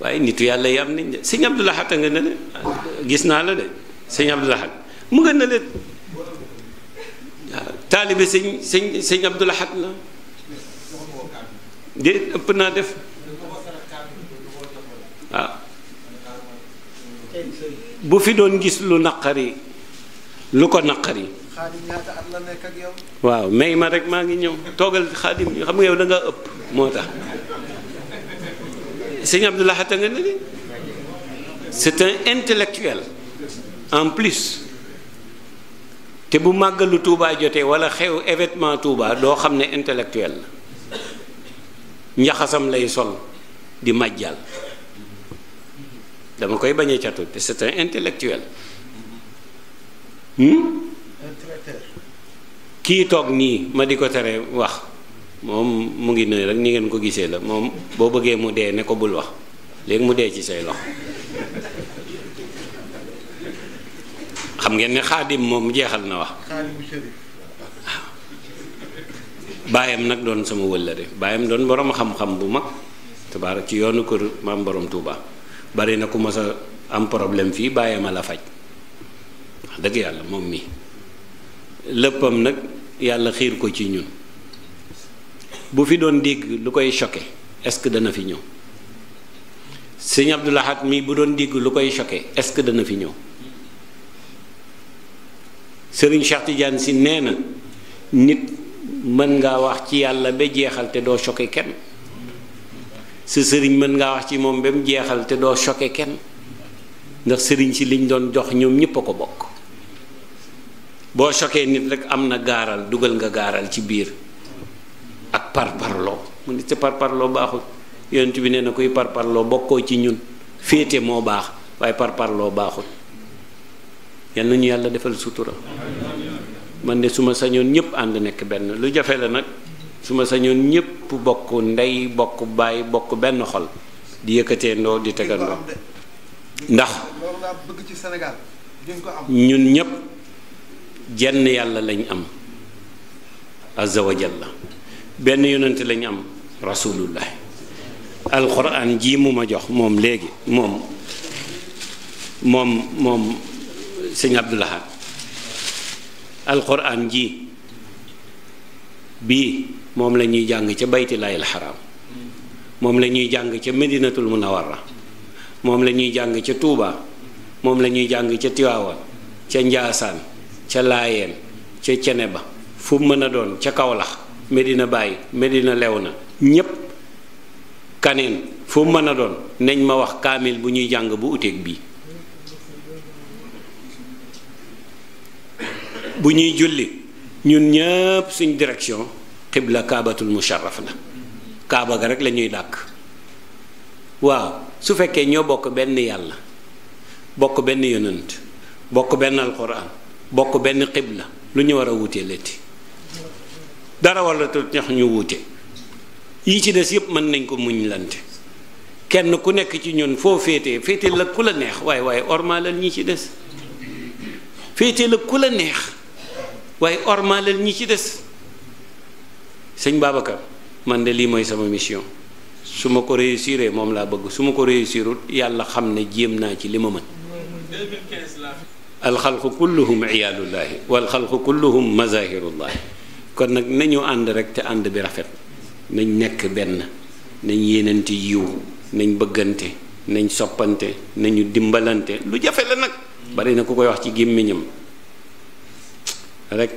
waaye nit yàlla yi am nañ de sëñ Abdou a nga ne le gis naa la de sëñ Abdou Lahad mu nga ne le waaw taalibe sëñ sëñ sëñ Abdou la de ëpp naa def waaw bu fi doon gis lu naqari lu ko naqari waaw may ma rek maa ngi ñëw toogal xaadim xam nga yow da nga ëpp moo tax sëñ Abdou Lahad nga ne de c'est un intellectuel en plus te bu màggalu tuubaa jotee wala xew événement Touba doo xam ne intellectuel la njaxasam lay sol di majjal dama koy bañ a catu te c'est un intellectuel hmm? kii toog nii ma di ko tere wax moom mu ngi nëy rek ni ngeen ko gisee la moom boo bëggee mu dee ne ko bul wax léegi mu dee ci say loxo xam ngeen ne xaadim moom jeexal na wax baayam nag doon sama wëllëre baayam doon borom xam-xam bu mag tabaar ci yoonu kër maam borom Touba bari na ku mas a am problème fii baayam a la faj dëgg yàlla moom mii léppam nag yàlla xiir ko ci ñun bu fi doon dégg lu koy choqué est-ce que dana fi ñëw sëñ Abdou Lahad mi bu doon dégg lu koy choqué est-ce que dana fi ñëw sëriñ Cheikh Tidiane si nee na nit mën ngaa wax ci yàlla ba jeexal te doo choqué kenn sa sëriñ mën ngaa wax ci moom ba mu jeexal te doo choqué kenn ndax sëriñ si liñ doon jox ñoom ñépp a ko bokk boo choqué nit rek am na gaaral dugal nga gaaral ci biir ak parparloo mu ne te parparloo baaxul yonent bi nee na kuy parparloo bokkoo ci ñun féete moo baax waaye parparloo baaxul yal na ñu yàlla defal sutura man de suma sañoon ñëpp ànd nekk benn lu jafe la nag su ma sañoon ñëpp bokk ndey bokk baay bokk benn xol di yëkkatee ndoo di tegandoo ndax ñun ñëpp jenn yàlla lañ am azza wa jalla benn yonent lañ am rasulullah alquran jii mu ma jox moom léegi moom moom moom sëñ abdulahat alquran jii bii moom la ñuy jàng ca baytilaay alxaraam moom la ñuy jàng ca medinatul munawara moom la ñuy jàng ca tuubaa moom la ñuy jàng ca tiwaawan ca njaasaan ca laayeen ca cene ba fu mën a doon ca kawlax Medina Baye Medina Léona ñépp kaneen foo mën a doon nañ ma wax kaamil bu ñuy jàng bu uteeg bii bu ñuy julli ñun ñëpp suñ direction xibla kaabatul musharraf la kaaba ga rek lañuy dàkk waaw su fekkee ñoo bokk benn yàlla bokk benn yonant bokk benn alquran bokk benn xibla lu ñu war a wutee letti dara walla te tax ñu wuute yi ci des yépp mën nañ ko muñ lante kenn ku nekk ci ñun foo féetee féete la ku la neex waaye waaye ormaalal ñi ci des féete la ku la neex waaye ormaalal ñi ci des sëñ Babacar man de lii mooy sama mission su ma ko réussiree moom laa bëgg su ma ko réussirul yàlla xam ne jéem naa ci li ma mën alxalqu kulluhum iyaalullahi walxalqu kulluhum mazahirullahi kon nag nañu ànd rek te ànd bi rafet nañ nekk benn nañ yéenante yiw nañ bëggante nañ soppante nañu dimbalante lu jafe la nag bari na ku koy wax ci gémmiñam rek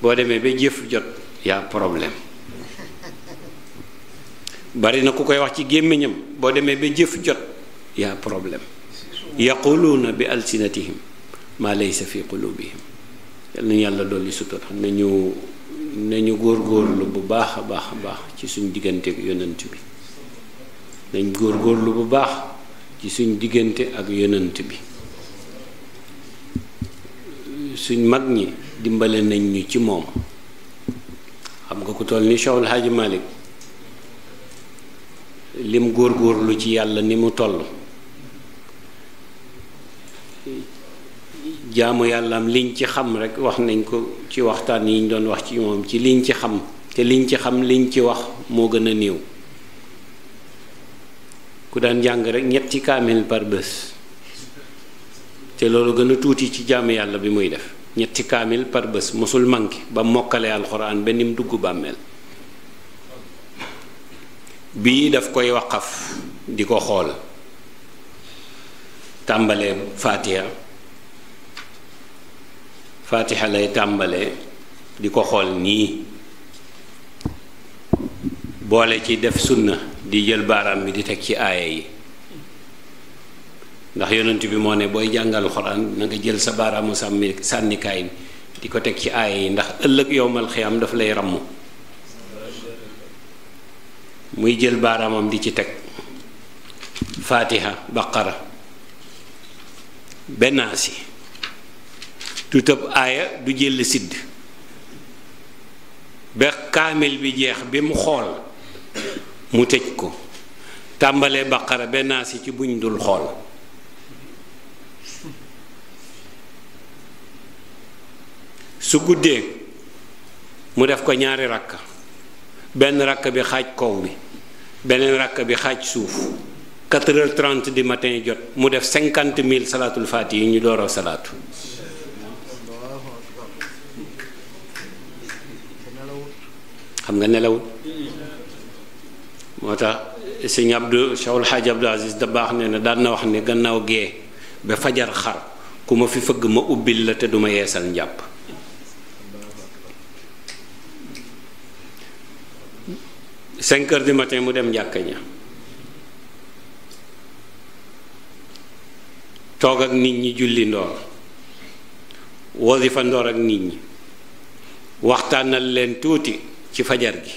boo demee ba jëf jot yaa problème bari na ku koy wax ci gémmiñam boo demee ba jëf jot yaa problème yaquluuna bi alsinatihim maa laysa fi qulubihim yal nañu yàlla dolli sutura nañu nañu góorgóorlu bu baax a baax a baax ci suñ diggante ak yonent bi nañ góorgóorlu bu baax ci suñ diggante ak yonent bi suñ mag ñi dimbale nañ ñu ci moom xam nga ko toll ni Cheikhul Hadji Malick lim góorlu ci yàlla ni mu toll jaamu yàllaam liñ ci xam rek wax nañ ko ci waxtaan yi doon wax ci moom ci liñ ci xam te liñ ci xam liñ ci wax moo gën a néew ku daan jàng rek ñetti kaamil par te loolu gën a tuuti ci jaamu yàlla bi muy def ñetti kaamil par bés mosul manqué ba mokkale alxuraan ba nim dugg bàmmeel bii daf koy waqaf di ko xool tàmbalee faatiha faatixa lay tàmbale di ko xool nii boole ci def sunna di jël baaraam bi di teg ci aaya yi ndax yonent bi moo ne booy jàngal xoraan na nga jël sa baaraamu sàmmi sànnikaay di ko teg ci aaya yi ndax ëllëg yowmal xiyaam dafa lay ràmm muy jël baaraamam di ci teg faatixa baqara bennaasi du tëb aaya du jël sidd ba kaamil bi jeex bi mu xool mu tëj ko tàmbalee baqara benn si ci buñ dul xool su guddee mu def ko ñaari rakk benn rakk bi xaaj kaw bi beneen rakk bi xaaj suuf 4 heures 30 matin jot mu def 50 000 salaatul faati yi ñu dooroo salaatu xam nga nelawut moo tax sëñ Abdou Cheikhul Hadj Abdou Aziz da baax ne na daan na wax ne gannaaw gee ba fajar xar ku ma fi fëgg ma ubbil la te duma yeesal njàpp cinq heures du matin mu dem jàkka ña toog ak nit ñi julli ndoor wasifa ndoor ak nit ñi waxtaanal leen tuuti ci fajar gi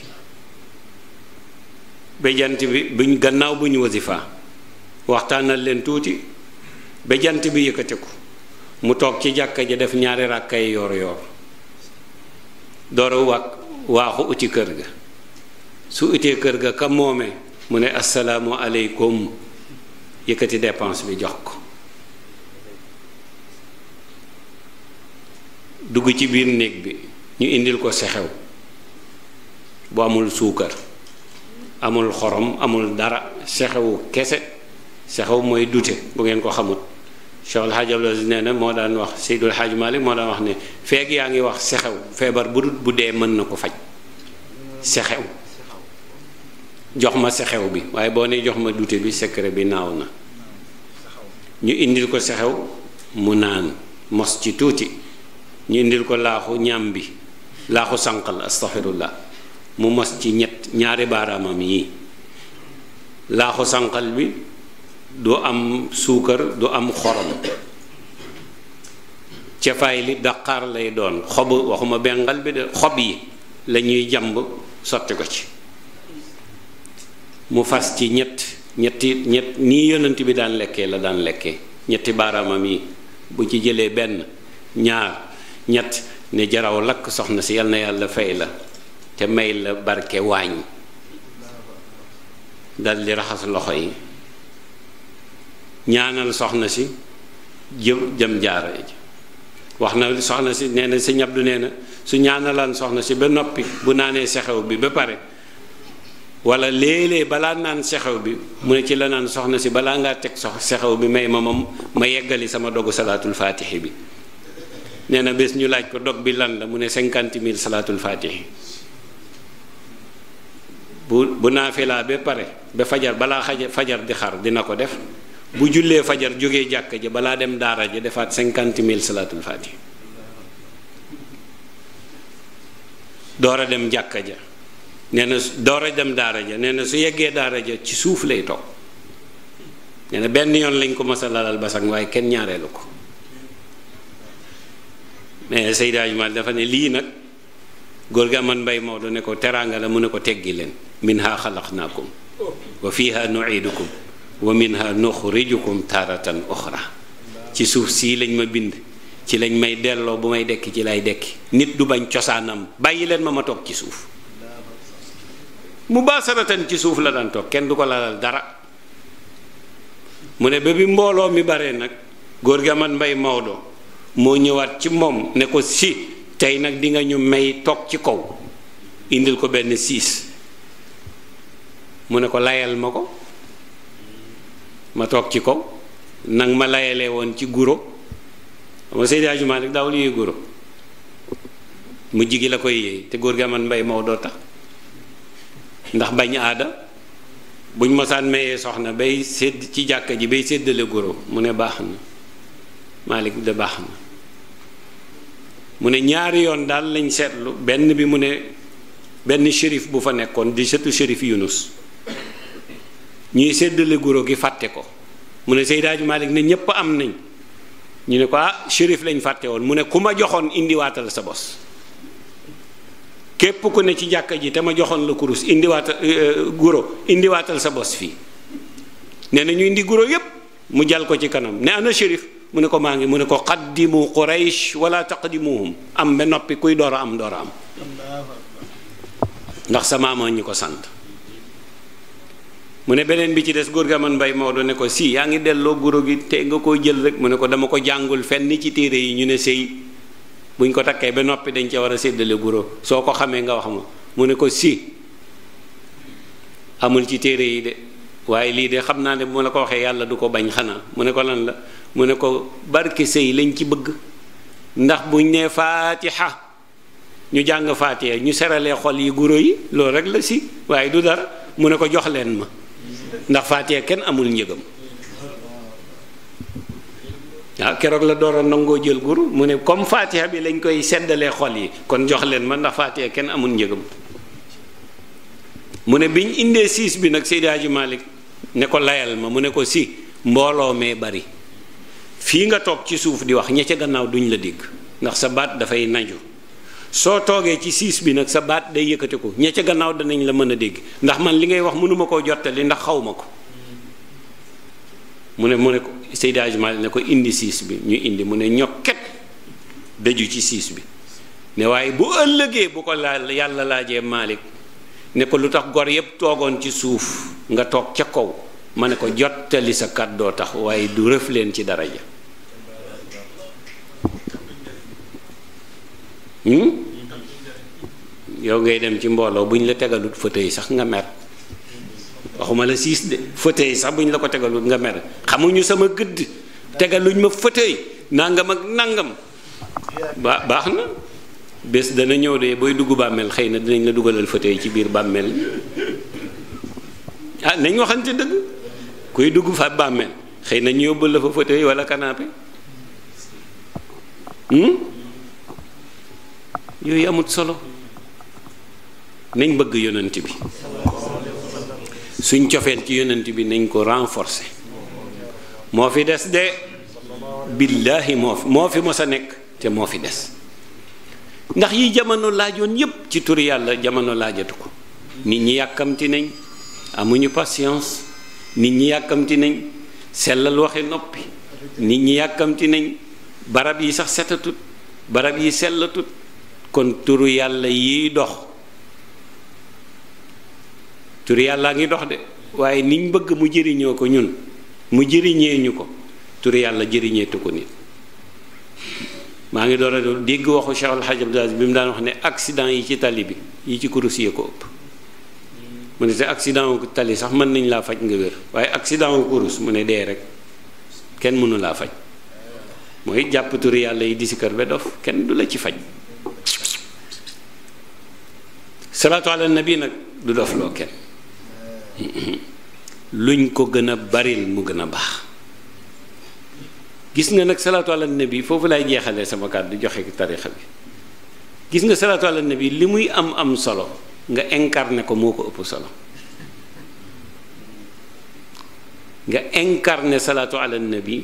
ba bi buñ gannaaw bu ñu wasifa waxtaanal leen tuuti ba jant bi yëkkatiku mu toog ci jàkka ji def ñaari ràkkay yoor yoor dooru wàkk waaxu uti kër ga su utee kër ga ka moome mu ne assalaamu aleykum yëkkati dépense bi jox ko dugg ci biir néeg bi ñu indil ko sexew bu amul suukar amul xorom amul dara sexewu kese sexew mooy dute bu ngeen ko xamut Cheikh El Hadj nee na moo daan wax Seydul xaaju Malick moo daan wax ne feeg yaa ngi wax sexew feebar bu dut bu dee mën na ko faj sexew jox ma sexew bi waaye boo ne jox ma dute bi sekre bi naaw na ñu indil ko sexew mu naan mos ci tuuti ñu indil ko laaxu ñam bi laaxu sànqal astaghfirullah mu mos ci ñett ñaari baaraamam yi laaxu sànqal bi du am suukar du am xorom cefaay li daqaar lay doon xobu waxuma bengal bi de xob yi lañuy jàmb sotti ko ci mu fas ci ñett ñetti ñett nii yonent bi daan lekkee la daan lekkee ñetti baaraamam yi bu ci jëlee benn ñaar ñett ne jaraw lakk soxna si yal na yàlla fay la te may la barke waañ dal raxas loxo yi ñaanal soxna si jëm jëm jaaro ji wax na soxna si nee si sëñ Abdu nee na su ñaanalaan soxna si ba noppi bu naanee sexew bi ba pare wala léeg-léeg balaa naan sexew bi mu ne ci la naan soxna si balaa ngaa teg sox sexew bi may ma moom ma yeggali sama dogu salaatul faatixi bi nee na bés ñu laaj ko dog bi lan la mu ne cinquante mil salaatul faatixi bu bu naafilaa ba pare ba fajar balaa xaja fajar di xar dina ko def bu jullee fajar jógee jàkk ja balaa dem daara ja defaat cinquante mille salaatul faati door a dem jàkka ja nee na door a dem daara ja nee na su yeggee daara ja ci suuf lay toog nee na benn yoon lañ ko mas a lalal basang waaye kenn ñaareelu ko mais Seydi Hadji dafa ne lii nag góor gi aman mbay Maodo ne ko teraanga la mu ne ko teggi leen minha xalaqnaakum wa fiha nuidukum wa minha nuxrijukum taaratan oxra ci suuf sii lañ ma bind ci lañ may delloo bu may dekki ci lay dekki nit du bañ cosaanam bàyyi leen ma ma toog ci suuf mu baasaratan ci suuf la daan toog kenn du ko lalal dara mu ne ba bi mbooloo mi bare nag góor gi man mbay Maodo moo ñëwaat ci moom ne ko si tey nag di nga ñu may toog ci kaw indil ko benn siis mu ne ko layal ma ko ma toog ci ko nag ma layalee woon ci guro ma Seydi Hadji Malick daawul yéey guro mu jigi la koy yéey te góor gi aman mbay moo doo ndax bañ aada buñ mosaan mayee soxna bay sedd ci jàkka ji bay seddale guro mu ne baax na Malick de baax na mu ne ñaari yoon daal lañ seetlu benn bi mu ne benn shérif bu fa nekkoon di sëtu shérif Yunus ñuy séddale guro gi fàtte ko mu ne Seydi Hadji Malick ne ñépp am nañ ñu ne ko ah shérif lañ fàtte woon mu ne ku ma joxoon indiwaatal sa bos képp ku ne ci jàkka ji te ma joxoon la kurus indiwaatal euh, euh, guro indiwaatal sa bos fii nee nañu indi guro yépp mu jal ko ci kanam ne ana shérif mu ne ko maa ngi mu ne ko qaddimu quraysh di taqdimuhum am ba noppi kuy door a am door a am ndax sa maamoon ñu ko sant mu ne beneen bi ci des góor ga man mbay Maodo ne ko si yaa ngi delloo guro gi te nga koo jël rek mu ne ko dama ko jàngul fenn ci téere yi ñu ne sëy buñ ko takkee ba noppi dañ ca war a séddale guro soo ko xamee nga wax ma mu ne ko si amul ci téere yi de waaye lii de xam naa ne bu la ko waxee yàlla du ko bañ xanaa mu ne ko lan la mu ne ko barke sëy lañ ci bëgg ndax buñ nee faatiha ñu jàng faatiha ñu seralee xol yi guro yi loolu rek la si waaye du dara mu ne ko jox leen ma ndax faatiha kenn amul njëgam waaw ah, keroog la door nangoo jël gur mu ne comme faatiha bi lañ koy seddalee xol yi kon jox leen ma ndax faatiha kenn amul njëgam mu ne biñ indee siis bi nag Seydi Hadji Malick ne ko layal ma mu ne ko si mbooloo mee bari fii nga toog ci suuf di wax ña ca gannaaw duñ la dikk ndax sa baat dafay naju soo toogee ci siis bi nag sa baat day ko ña ca gannaaw danañ la mën a dégg ndax man li ngay wax mënuma koo jottali ndax xaw ma ko mu ne mu ne ko Seydi Hadji Malick ne ko indi siis bi ñu indi mu ne ñokket daju ci siis bi ne waaye bu ëllëgee bu ko laal yàlla laajee Malick ne ko lu tax gor yépp toogoon ci suuf nga toog ca kaw ma ne ko jottali sa kàddoo tax waaye du rëf leen ci dara ja Hmm? Hmm? yow ngay dem ci mbooloo bu ñu la tegalut fauteuil sax nga mer waxuma la siis de fauteuil sax bu ñu la ko tegalut nga mer xamuñu sama gëdd tegaluñ ma fauteuil nangam ak nangam ba baax na bés dana ñëw de booy dugg bàmmeel xëy na dinañ la dugalal fauteuil ci biir bàmmeel ah nañ waxante dëgg kuy dugg fa bàmmeel xëy na ñu yóbbal la fa fauteuil wala canapé. Hmm? yooyu amut solo nañ bëgg yonent bi suñ cofeel ci yonent bi nañ ko renforce moo fi des de billaahi moo fi mos a nekk te moo fi des ndax yi jamono laajoon yépp ci tur yàlla jamono laajatu ko nit ñi yàkkamti nañ amuñu patience nit ñi yàkkamti nañ sellal waxe noppi nit ñi yàkkamti nañ barab yi sax setatut barab yi sellatut kon turu yàlla yi dox turu yàllaa ngi dox de waaye niñ bëgg mu jëriñoo ko ñun mu jëriñee ñu ko turu yàlla jëriñeetu ko nit maa ngi door a dégg waxu Cheikh Al Hadj bi mu daan wax ne accident yi ci tali bi yi ci kurus yee ko ëpp mu ne te accident tali sax mën nañ laa faj nga wér waaye accident wu kurus mu ne dee rek kenn mënu laa faj mooy jàpp turu yàlla yi di si kër ba kenn du la ci faj salaatu ala nabi nag du dof loo kenn luñ ko gën a baril mu gën a baax gis nga nag salaatu ala nabi foofu laay jeexalee sama kàddu joxe tarixa bi gis nga salaatu ala nabi li muy am am solo nga incarné ko moo ko ëpp solo nga incarné salaatu ala nabi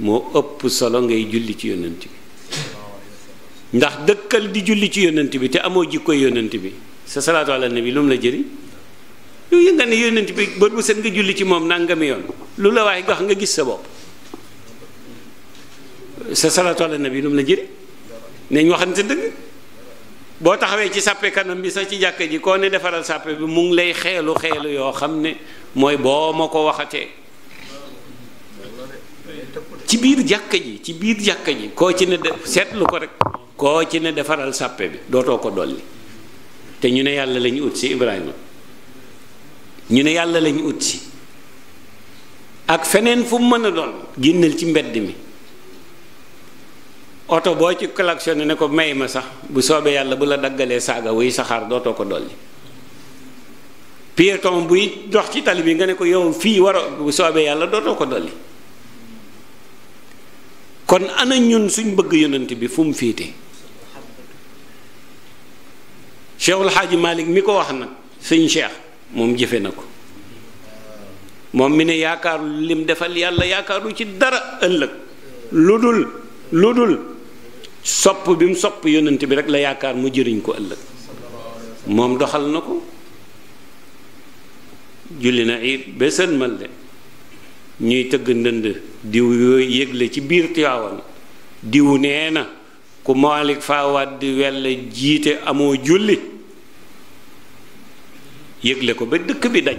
moo ëpp solo ngay julli ci yonent bi ndax dëkkal di julli ci yonent bi te amoo jikkoy yonent bi sa salaatu ala nabi lu mu la jëriñ yow yëngal ne yonent bi bët bu set nga julli ci moom nangami yoon lu la waaye wax nga gis sa bopp sa salaatu ala nabi lu mu la jëriñ nañ waxante dëgg boo taxawee ci sàppe kanam bi sax ci jàkk ji koo ne defaral sàppe bi mu lay xeelu xeelu yoo xam ne mooy boo ma ko waxatee ci biir jàkka ji ci biir jàkka ji koo ci ne def seetlu ko rek koo ci ne defaral sàppe bi dootoo ko dolli te ñu ne yàlla lañu ut si Ibrahima ñu ne yàlla lañu ut si ak feneen fu mu mën a doon génneel ci mbedd mi oto boo ci klaxonné ne ko may ma sax bu soobee yàlla bu la daggalee saaga wuy saxaar dootoo ko dolli piéton buy dox ci tali bi nga ne ko yow fii war bu soobee yàlla dootoo ko dolli kon ana ñun suñ bëgg yonent bi fu mu fiite Cheikhul Xaaji Malik mi ko wax na sëñ Cheikh moom jëfe na ko moom mi ne yaakaaru lim defal yàlla yaakaaru ci dara ëllëg lu dul lu dul sopp bi mu sopp yonent bi rek la yaakaar mu jëriñ ko ëllëg moom doxal na ko julli na it ba sëlmal de ñuy tëgg ndënd diw yooyu yëgle ci biir Tiwaawan diw nee na ku Maalik Fawad di welle jiite amoo julli yëgle ko ba dëkk bi daj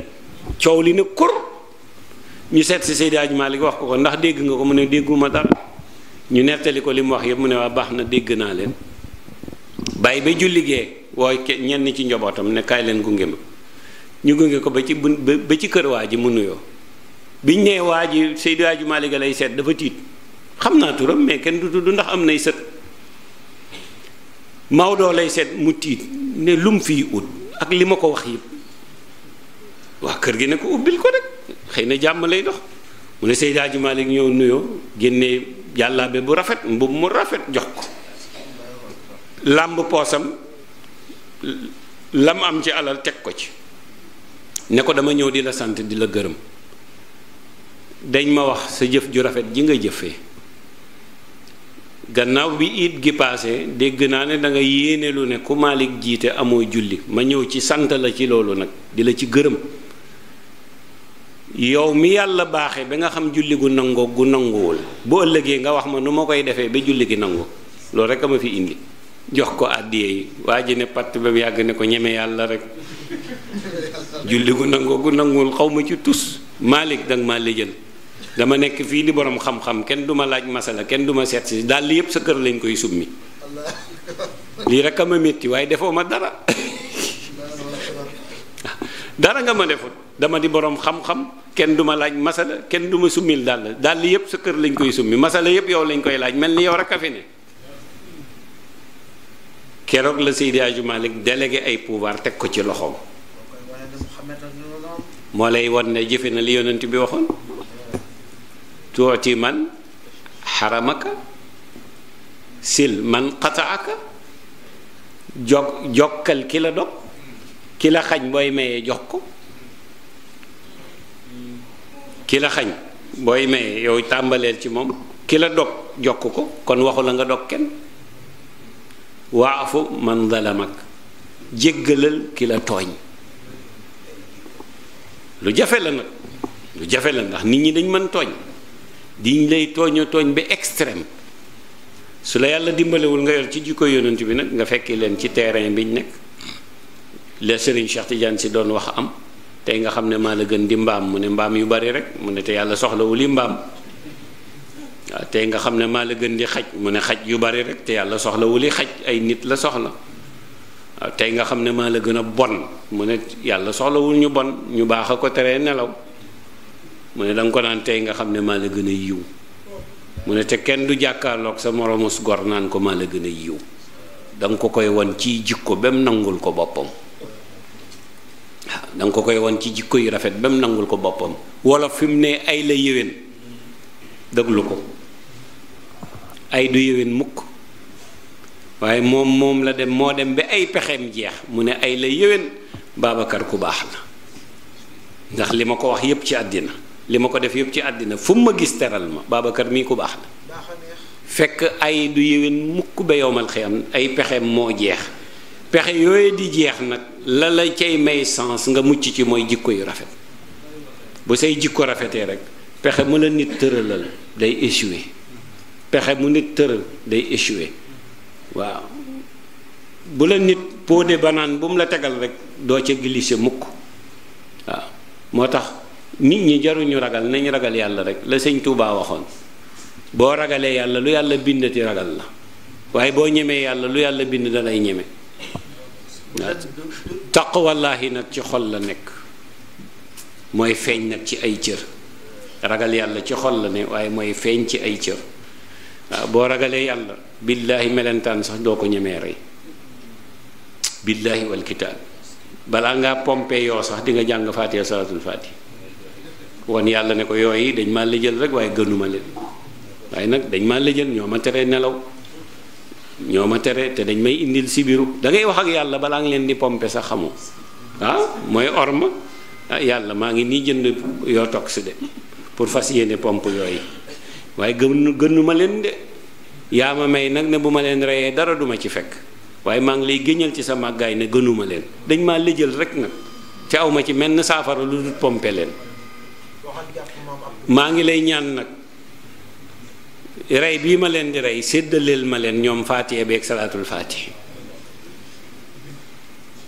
coow li ne kur ñu seet si Seydi Hadji Malick wax ko ko ndax dégg nga ko mu ne dégguma dara ñu nettali ko li mu wax yëpp mu ne waa baax na dégg naa leen bàyyi ba julli gee wooy ñenn ci njobootam ne leen gunge ma ñu gunge ko ba ci ba ci kër ji mu nuyoo biñ nee waa ji Seydi Hadji Malick lay seet dafa tiit xam naa turam mais kenn du tudd ndax am nay sët Maodo lay seet mu tiit ne lum fii ut ak li ma ko wax yëpp waa kër gi ne ko ubbil ko rek xëy na jàmm lay dox mu ne Seydi Hadji Malick ñëw nuyoo génne jàllaabe bu rafet mbubb mu rafet jox ko làmb poosam lam am ci alal teg ko ci ne ko dama ñëw di la sant di la gërëm dañ ma wax sa jëf ju rafet ji nga jëfee gannaaw bi it gi paase dégg naa ne da nga yéene lu ne ku Malick jiite amoo julli ma ñëw ci sant la ci loolu nag di la ci gërëm yow mi yàlla baaxee ba nga xam julli gu nangoo gu nanguwul bu ëllëgee nga wax ma nu ma koy defee ba julli gi nangu loolu rek a ma fi indi jox ko àddiyee yi waa ji ne patt ba mu yàgg ne ko ñeme yàlla rek julli gu nangoo gu nanguwul xaw ma ci tus Malick danga maa léjal dama nekk fii di borom xam-xam kenn duma laaj masala kenn duma seet dàll daal yëpp sa kër lañ koy summi lii rek a ma métti waaye defoo ma dara dara nga ma defut dama di boroom xam-xam kenn duma laaj masala kenn du ma summil dal dàll yëpp sa kër lañ koy summi masala yëpp yow lañ koy laaj mel ni yow rek a fi ne keroog la Seydi Hadji Malick ay pouvoir teg ko ci loxoom moo lay wan ne jëfe na li yonent bi waxoon tuuti man xaramaka sil man qataaka jok jokkal ki la dog ki la xañ booy mayee jox ko ki la xañ booy maye yow tàmbaleel ci moom ki la dog jokk ko kon waxu la nga dog kenn waafu man zalamak jéggalal ki la tooñ lu jafe la nag lu jafe la ndax nit ñi dañ mën tooñ diñ lay tooña tooñ bi extrême su la yàlla dimbalewul nga yor ci jikko yonent bi nag nga fekki leen ci terrain biñ nekk la Serigne Cheikh si doon wax am tey nga xam ne maa la gën di mbaam mu ne mbaam yu bari rek mu ne te yàlla soxlawul yi mbaam waaw tey nga xam ne maa la gën di xaj mu ne xaj yu bari rek te yàlla soxlawul yi xaj ay nit la soxla waaw tey nga xam ne maa la gën a bon mu ne yàlla soxlawul ñu bon ñu baax a ko teree nelaw mu ne da ko naan tey nga xam ne maa la gën a yiw mu ne te kenn du jàkkaarloog sa moromus gor naan ko maa la gën a yiw danga nga ko koy won ciy jikko ba mu nangul ko boppam da ko koy won ci jikko yu rafet ba mu nangul ko boppam wala fi mu ne ay la yéwén déglu ko ay du yéwén mukk waaye moom moom la dem moo dem ba ay pexeem jeex mu ne ay la yéwén Babacar ku baax la ndax li ma ko wax yépp ci àddina li ma ko def yëpp ci àddina fu mu ma gis teral ma Babacar mii ku baax la fekk ay du yéwén mukk ba yowmal xiyam ay pexeem moo jeex pexe yooyu di jeex nag la la cay may sens nga mucc ci mooy jikko yu rafet bu say jikko rafetee rek pexe mu la nit tëralal day échoué pexe mu nit tëral day échoué waaw bu la nit poodee banaan bu mu la tegal rek doo ca glissé mukk waaw moo tax nit ñi jaruñu ragal nañ ragal yàlla rek la sëñ Tuubaa waxoon boo ragalee yàlla lu yàlla bindati ragal la waaye boo ñemee yàlla lu yàlla bind da lay ñeme taqwallaahi nag ci xol la nekk mooy feeñ nag ci ay cër ragal yàlla ci xol la ne waaye mooy feeñ ci ay cër waaw boo ragalee yàlla billaahi melentaan sax doo ko ñemee rey billaahi wal balaa ngaa pompe yoo sax di nga jàng faatiha salaatul faati wan yàlla ne ko yooyu dañ maa lëjal rek waaye gënuma leen waaye nag dañ maa lëjal ñoo ma tere nelaw ñoo ma tere te dañ may indil sibiru da ngay wax ak yàlla balaa nga leen di pompe sax xamoo ah mooy orma ah, yàlla maa ngi nii jënd yoo tox de pour fas yéene pomp yooyu waaye gën gënuma leen de yaa ma may nag ne bu ma leen reyee dara duma ci fekk waaye maa ngi lay géñal ci sa màggaay ne gënuma leen dañ maa lëjal rek nag te aw ma ci menn saafara lu dul pompe leen maa ngi lay ñaan nag rey bii ma leen di rey séddaleel ma leen ñoom faatiha beeg salaatul faatiha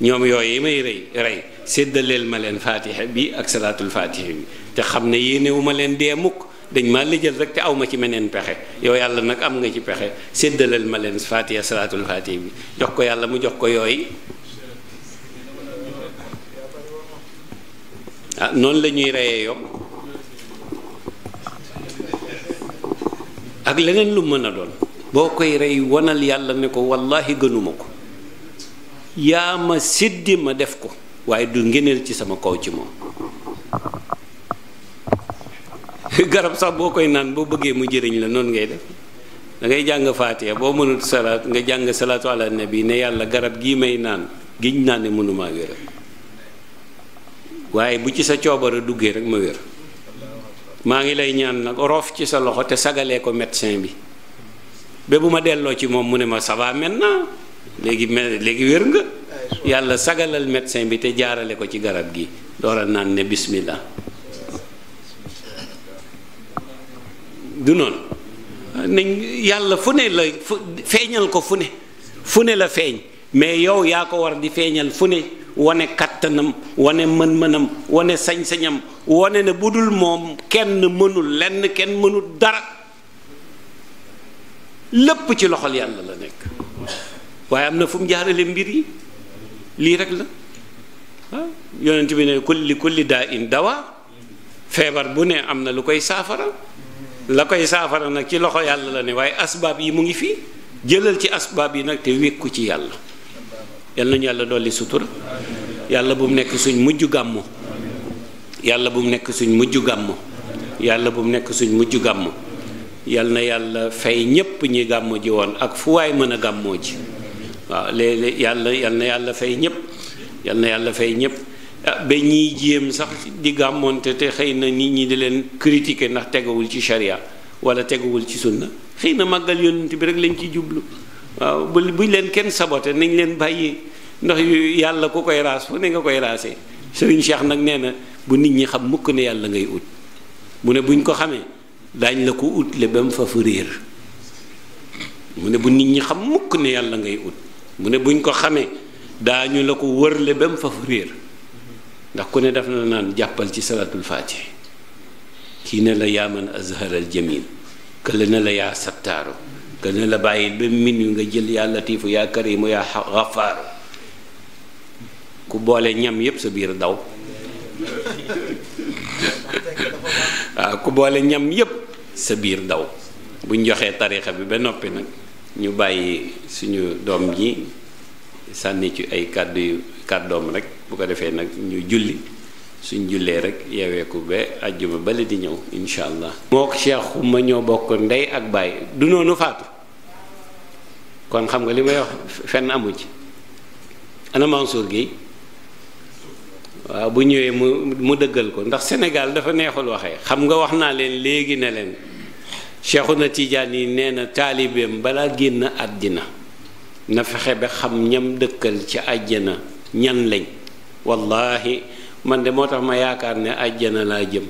ñoom yooyu yi may rey rey séddaleel ma leen faatiha bi ak salaatul faatiha bi te xam ne yéenewu ma leen dee mukk dañ ma lijjal rek te aw ma ci meneen pexe yow yàlla nag am nga ci pexe séddaleel ma leen faatiha salaatul faatiha bi jox ko yàlla mu jox ko yooyu ah, noonu la ñuy reyee yow ak leneen lu mën a doon boo koy rey wanal yàlla ne ko wallahi gënuma ko yaa ma siddi ma def ko waaye du ngéneel ci sama kaw ci moom garab sax boo koy naan boo bëggee mu jëriñ la noon ngay def da jàng faatiya boo mënut salaat nga jàng salaatu ala nabi ne yàlla garab gii may naan giñ naa ne mënumaa wér waaye bu ci sa coobara duggee rek ma wér maa ngi lay ñaan nag roof ci sa loxo te sagalee ko médecin bi ba bu ma delloo ci moom mu ne ma ça va maintenant léegi me léegi wér nga yàlla sagalal médecin bi te jaarale ko ci garab gi door a naan ne bismillah du noonu nañ yàlla fu ne la feeñal ko fu ne fu ne la feeñ mais yow yaa ko war di feeñal fu ne wane kàttanam wane mën-mënam wane sañ-sañam wane ne bu dul moom kenn mënul lenn kenn mënul dara lépp ci loxol yàlla la nekk waaye am na fu mu mbir yi lii rek la ah yonent bi dawa feebar bu ne am na lu koy saafara la koy saafara nag ci loxo yàlla la ne waaye asbaab yi mu ngi fii jëlal ci asbaab yi nag te wékku ci yàlla yal nañu yàlla dolli sutura yàlla bu mu nekk suñ mujj gàmmu yàlla bu mu nekk suñ mujj gàmmu yàlla bu mu nekk suñ mujj gàmmu yal na yàlla fay ñépp ñi gàmmu ji woon ak fu waay mën a gàmmoo ji waaw léeg-léeg yàlla yal na yàlla fay ñépp yal na yàlla fay ñépp ah, ba ñiy jéem sax di gàmmoonte te xëy na nit ñi di leen critiquer ndax tegawul ci sharia wala tegawul ci sunna xëy na màggal yonent bi rek lañ ciy jublu waaw bu buñ leen kenn saboté nañ leen bàyyi ndox yu yàlla ku koy raas fu ne nga koy raasee sëriñ Cheikh nag nee na bu nit ñi xam mukk ne yàlla ngay ut mu ne buñ ko xamee daañ la ko utle ba mu fa fu réer bu nit ñi xam mukk yàlla ngay ut mu ne buñ ko xamee daañu la ko wërle ba mu fa ndax ku ne daf na naan jàppal ci salatul fatih kii ne la yaa mën azharal jamil kële ne la yaa sattaaru dana la bàyyi ba min yu nga jël yaa kër yi karimu yaa xafaaru ku boole ñam yépp sa biir daw waaw ku boole ñam yépp sa biir daw buñ joxee tarixa bi ba noppi nag ñu bàyyi suñu doom ji sànni ci ay kàddu yu kàddoom rek bu ko defee nag ñu julli suñ jullee rek yeeweeku ba àjjuma bale di ñëw incha allah moo ko ma Xuma ñoo bokk ndey ak baay du noonu faatu kon xam nga li may wax fenn amu ci ana Mansour gi waaw bu ñëwee mu mu dëggal ko ndax Sénégal dafa neexul waxee xam nga wax naa leen léegi ne leen na tiijaan yi neena taalibeem balaa génn àddina na fexe ba xam ñam dëkkal ci àjjana ñan lañ wallahi man de moo tax ma yaakaar ne àjjana laa jëm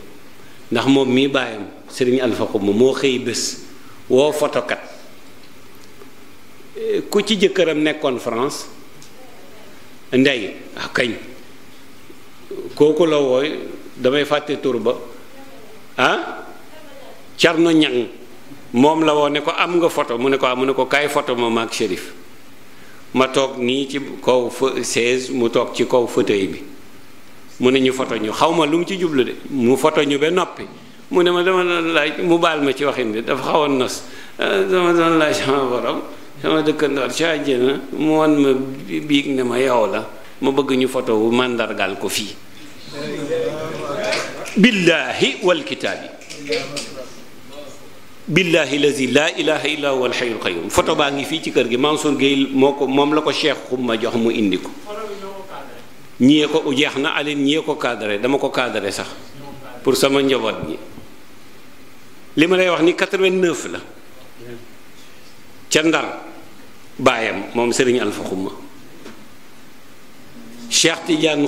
ndax moom mii baayam sëriñ Alfa Xuma moo xëy bés woo fotokat ku ci jëkkëram nekkoon France ndey ah kañ kooku la wooy damay fàtte tur ba ah Carno Ñang moom la woo ne ko am nga foto mu ne ko ah, mu ne ko kaay photo ma maag Chérif ma toog nii ci kaw fa chaise mu toog ci kaw fauteuil bi mu ne ñu foto ñu xaw ma lu mu ci jublu de mu foto ñu ba noppi mu ne ma dama doon laaj mu baal ma ci waxin bi dafa xawoon nos eh, dama doon laaj sama borom sama dëkkandoor ci àjjana mu wan ma biig ne ma yow la ma bëgg ñu foto màndargal ko fii billaahi wal kitaabi billaahi lazi laa ilaaha illaa huwal hayyul foto baa ngi fii ci kër gi Mansour Gueye moom la ko Cheikh ma jox mu indi ko ñiyee ko jeex na Aline ñiyee ko cadré dama ko cadré sax pour sama njaboot ñi li ma lay wax ni 89 la ca Ndar baayam moom Serigne Alpha Xumma Cheikh Tidiane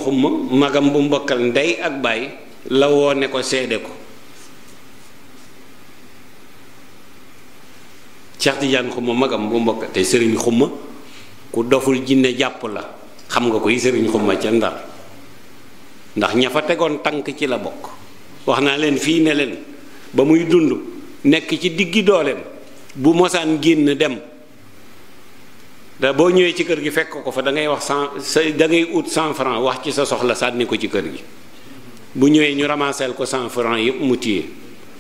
magam bu mbokkal ndey ak baay la woone ko seede ko Cheikh Tidiane Xumma magam bu mbokkal te Serigne Xumma ku doful jinne jàpp la xam nga ko koy sëriñ xumma ca ndar ndax ña fa tegoon tànk ci la bokk wax naa leen fii ne leen ba muy dund nekk ci diggi dooleem bu mosaan génn dem da boo ñëwee ci kër gi fekk ko fa da ngay wax cent sa da ngay ut cent franc wax ci sa soxla sànni ko ci kër gi bu ñëwee ñu ramaseel ko cent franc yépp mu téye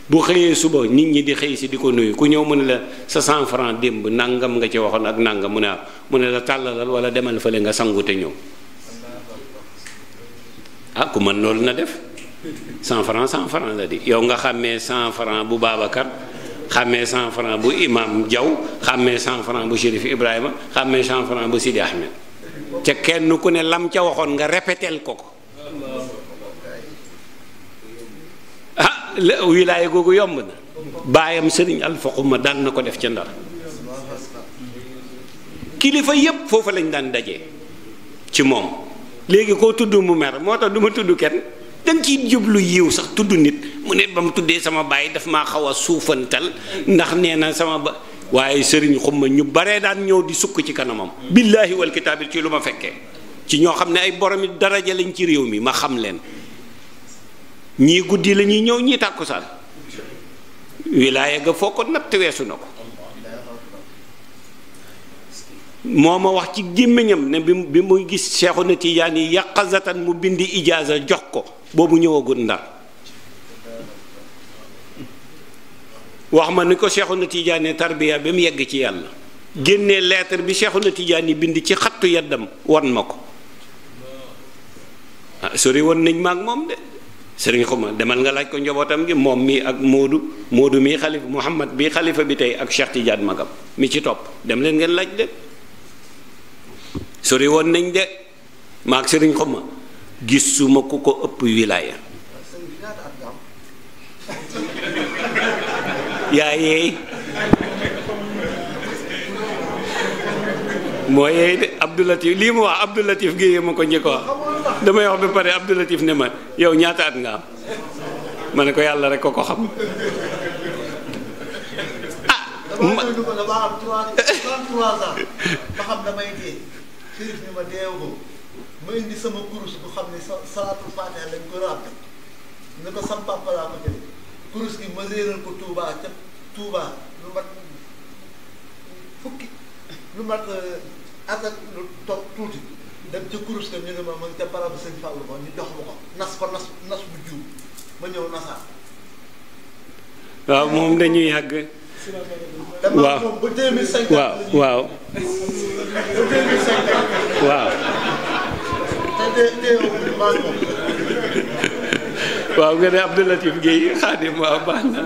bu xëyee suba nit ñi di xëy si di ko nuyu ku ñëw mu ne la sa cent franc démb nangam nga ci waxoon ak nangam mu ne mu ne la tàllalal wala demal fële nga sangu te ñëw ah ku mën loolu na def cent franc cent franc la di yow nga xàmmee cent franc bu Babacar xàmmee cent franc bu Imam Diaw xamee cent franc bu Chérif Ibrahima xàmmee cent franc bu Sidi Ahmed ca kenn ku ne lam ca waxoon nga répétel ko ko. wilaaya googu yomb na baayam sëriñ alfaxuma daan na ko def ca ndar kilifa yépp foofu lañ daan daje ci moom léegi koo tudd mu mer moo tax duma tudd kenn danga ci jublu yiw sax tudd nit mu ne ba mu tuddee sama baay dafa maa xaw a suufantal ndax nee na sama ba waaye sëriñ xumma ñu baree daan ñëw di sukk ci kanamam billaahi wal ci lu ma fekkee ci ñoo xam ne ay boromit daraja lañ ci réew mi ma xam leen ñii guddi lañuy ñëw ñii tàkkusaan wilaaya ga foo ko natt weesu na ko moo ma wax ci gémmiñam ne bi bi gis seexu na Tijaan yi yàqazatan mu bind ijaaza jox ko boobu ñëwagul ndar wax ma ni ko seexu na tiijaan yi tarbiya ba mu yegg ci yàlla génnee lettre bi seexu na tiijaan yi bind ci xattu yaddam wan ma ko ah, sori woon nañ ma moom de sëriñ xuma demal nga laaj ko njobootam gi moom mii ak Moodu Moodu mii xalifa Muhammad bi xalifa bi tey ak Cheikh Tidiane magam mi ci topp dem leen ngeen laaj de sori woon nañ de maag sëriñ xuma gisuma ku ko ëpp wilaaya yaayee moo yeey de Abdoulatif lii mu wax Abdoulatif Guèye ma ko njëkk wax damay wax ba pare Abdoulatif ne ma yow ñaata at nga am ma ne ko yàlla rek ko ko xam ah ma ma indi sama ko ràbbe ne ko sam papa laa ko jële kurus gi ma réeral ko Touba ca Touba lu mat fukki lu mat euh, ànd ak lu toog ñu ne ma ma ngi ca barabu waaw moom dañuy yàgg. waaw waaw waaw. waaw. nga ne Abdou Latif xaadim waaw baax na.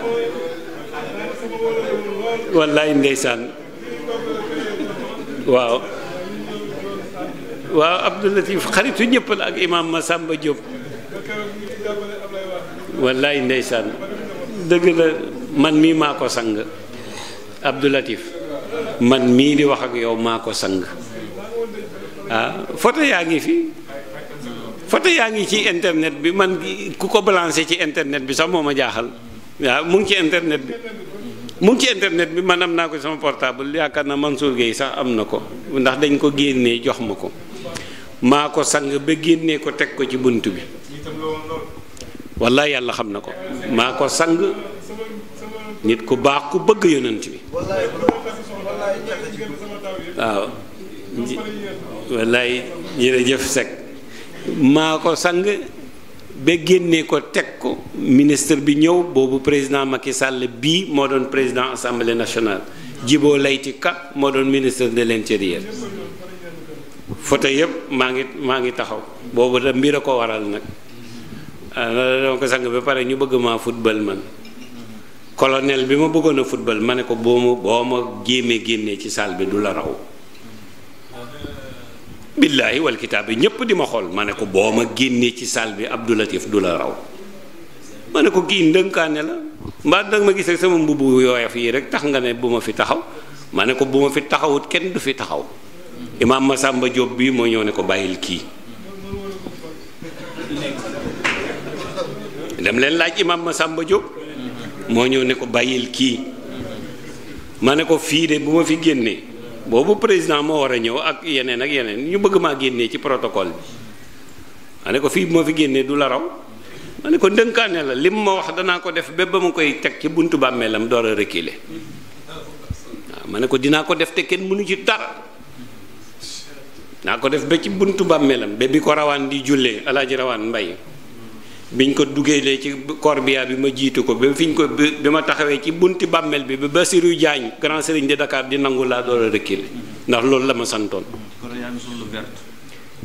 wallaay ndeysaan waaw. waaw Abdou Latif xaritu ñëpp la ak imaam Masamba Diop wallaay ndeysaan dëgg la man mii maa ko sang Abdou Latif man mii di wax ak yow maa ko sang ah photo yaa ngi fi photo yaa ngi ci internet bi man ku ko balancé ci internet bi sax moo ma jaaxal waaw ah, mu ci internet bi mu ngi ci internet bi man am naa ko sama portable yaakaar na Mansour Gueye sax am na ko ndax dañ ko génnee jox ma ko maa ko sang ba génnee ko teg ko ci bunt bi wallaay yàlla xam na ko maa ko sang nit ku baax ku bëgg yonent bi waaw wallaay jërëjëf Seck maa ko sang ba génnee ko teg ko ministre bi ñëw boobu président Macky Sall bii moo doon président assemblée nationale jiboo Leyti Ka moo doon ministre de l'intérieur foto yëpp maa ngi maa ngi taxaw boobu da mbir a ko waral nag ah, dama ko sang ba pare ñu bëgg ma football man colonel bi ma bëggoon a football ma ne ko boo ma boo ma gémmee génnee ci salle bi du la raw billaahi bi ñépp di ma xool ma ne ko boo ma génnee ci salle bi Abdoulatif du la raw ma ne ko gii ndënkaane la mbaa danga ma gis ak sama mbubb yooyaf yi rek tax nga ne bu ma fi taxaw ma ne ko bu ma fi taxawut kenn du fi taxaw imaam Masamba Diop bii moo ñëw ne ko bàyyil kii dem leen laaj imaam Masamba Diop moo ñëw ne ko bàyyil kii ma ne ko fii de bu ma fi génnee boobu président moo war a ñëw ak yeneen ak yeneen ñu bëgg maa génnee ci protocole bi ma ne ko fii bu ma fi génnee du la raw ma ne ko ndënkaane la lim ma wax danaa ko def ba ba mu koy teg ci buntu bàmmeelam door a reculer waaw ma ne ko dinaa ko def te kenn mënu ci naa ko def ba ci buntu bàmmeelam ba bi ko rawan di jullee alaaji rawaan mbay biñ ko duggee ci corbia bi ma jiitu ko ba fiñ ko bi ma taxawee ci buntu bàmmeel bi ba Basirou Diagne grand sëriñ de Dakar di nangu laa door a rëkkile ndax loolu la ma santoon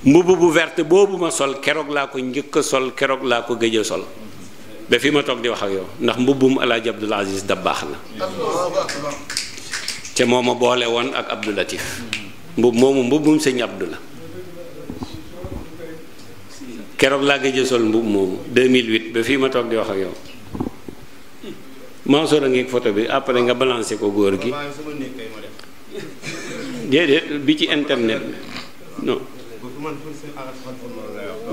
mbubb bu verte boobu ma sol keroog laa ko njëkk a sol keroog laa ko gëj sol ba fi ma toog di wax ak yow ndax mbubbum alaaji Abdul Aziz da baax la te moo ma boole woon ak Abdou Latif mbubb moomu mbubbum sëñ Abdou la keroog laa gëj sol mbubb moomu 2008 ba fii ma toog di wax ak yow Mansour a ngi foto bi après nga balancé ko góor gi déedéet bi ci internet bi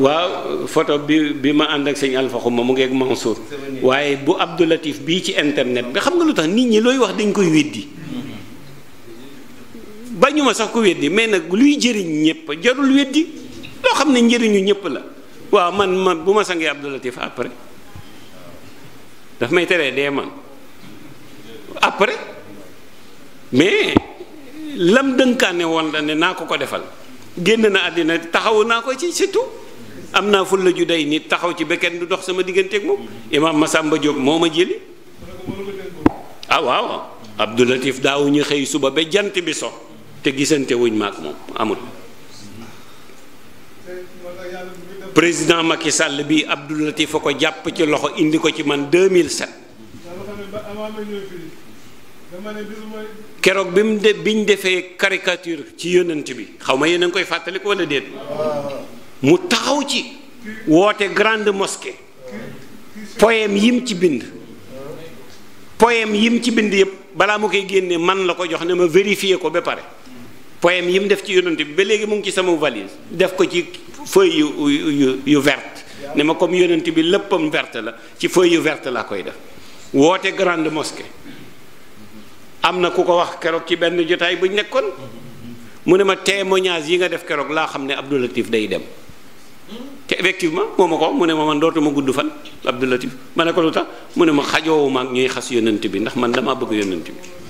waaw photo bi bi ma ànd ak sëñ Alpha Xuma mu ngeeg Mansour waaye bu Abdoulatif bii ci internet bi xam nga lu tax nit ñi looy wax dañ koy weddi bañu ma sax ko weddi mais nag luy jëriñ ñëpp jarul weddi loo xam ne njëriñu ñëpp la waaw man man bu ma sangee Abdou Latif après daf may teree dee man après mais lam dënkaane woon la ne naa ko ko defal génn na àddina taxawu naa ko ci surtout am naa fulla ju day nit taxaw ci ba kenn du dox sama digganteeg moom imaam Masamba jóg moo ma jëli ah waaw Abdou Latif daawuñu xëy suba ba jant bi so te gisante wuñ maak moom amul président Macky Sall bi Abdou Latif fa ko jàpp ci loxo indi ko ci man 2007 keroog bi mu de bi defee caricature ci yonent bi xaw ma yéen a ngi koy fàttali ko wala déet mu taxaw ci woote grande mosquée poème yim ci bind poème yim ci bind yëpp balaa mu koy génne man la ko jox ne ma vérifier ko ba pare poème yi mu def ci yonent bi ba léegi mu ngi ci sama valise def ko ci feuille yu yu vert ne ma comme yonent bi léppam vert la ci feuille yu verte laa koy def woote grande mosquée am na ku ko wax keroog ci benn jotaay bu ñu nekkoon mu ne ma témoignage yi nga def keroog laa xam ne Abdou Latif day dem te effectivement moom ma ko mu ne ma man dootuma gudd fan Abdou Latif ma ne ko lu tax mu ne ma xajoowu ma ñuy xas yonent bi ndax man damaa bëgg yonent bi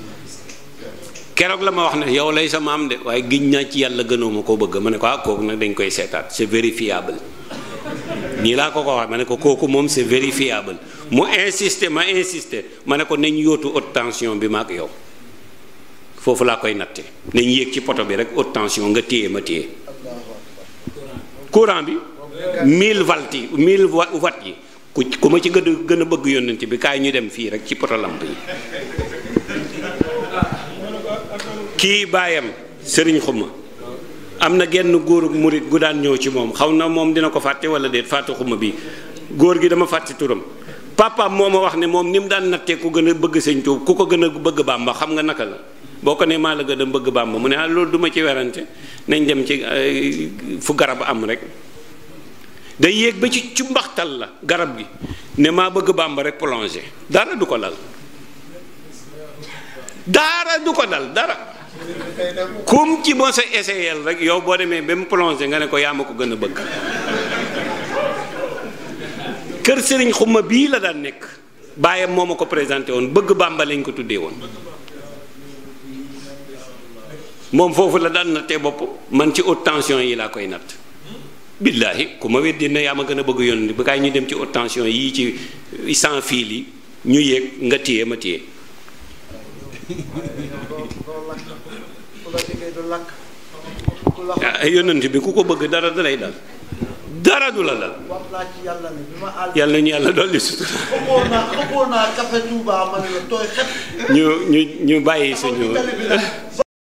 keroog la ma wax ne yow lay sa maam de waaye giñ naa ci yàlla gënoo ma ko bëgg ma ne ko ah kooku nag dañ koy seetaat c'est vérifiable nii laa ko ko wax ma ne ko kooku moom c'est vérifiable mu insisté ma insisté ma ne ko nañ yóotu haute tension bi ma ak yow foofu laa koy natte nañ yéeg ci poto bi rek haute tension nga téye ma téye courant bi 1000 volt yi 1000 watt yi ku ku ma ci gën a gën a bëgg yónnante bi kaay ñu dem fii rek ci poto lamp yi kii baayam sëriñ xuma am na genn góorug murit gu daan ñëw ci moom xaw na moom dina ko fàtte wala déet fàtte xuma bi góor gi dama fàtte turam papaam moo ma wax ne moom ni mu daan nattee ku gën a bëgg sëñ Tuub ku ko gën a bëgg Bàmba xam nga naka la boo ko ne maa la gën a bëgg Bàmba mu ne ah loolu duma ci werante nañ dem ci eh, fu garab am rek day yéeg ba ci ci mbaxtal la garab gi ne maa bëgg Bàmba rek plongé dara du ko dal dara du ko dal kum ci mos a essayé rek yow boo demee ba mu plongé nga ne ko yaa ma ko gën a bëgg kër sëriñ xuma bii la daan nekk bàyyam moom ma ko présenté woon bëgg bàmba lañ ko tuddee woon moom foofu la daan nattee bopp man ci haute tension yi laa koy natt billaahi ku ma weddi na yaa ma gën a bëgg yoon bi kaay ñu dem ci haute tension yii ci euh, sans fil yi ñu yéeg nga tiye ma téye Ah, yonent bi ku ko bëgg dara dalay dal dara du la dal yàlla nañu yàlla dolli sutura ñu ñu bàyyi suñu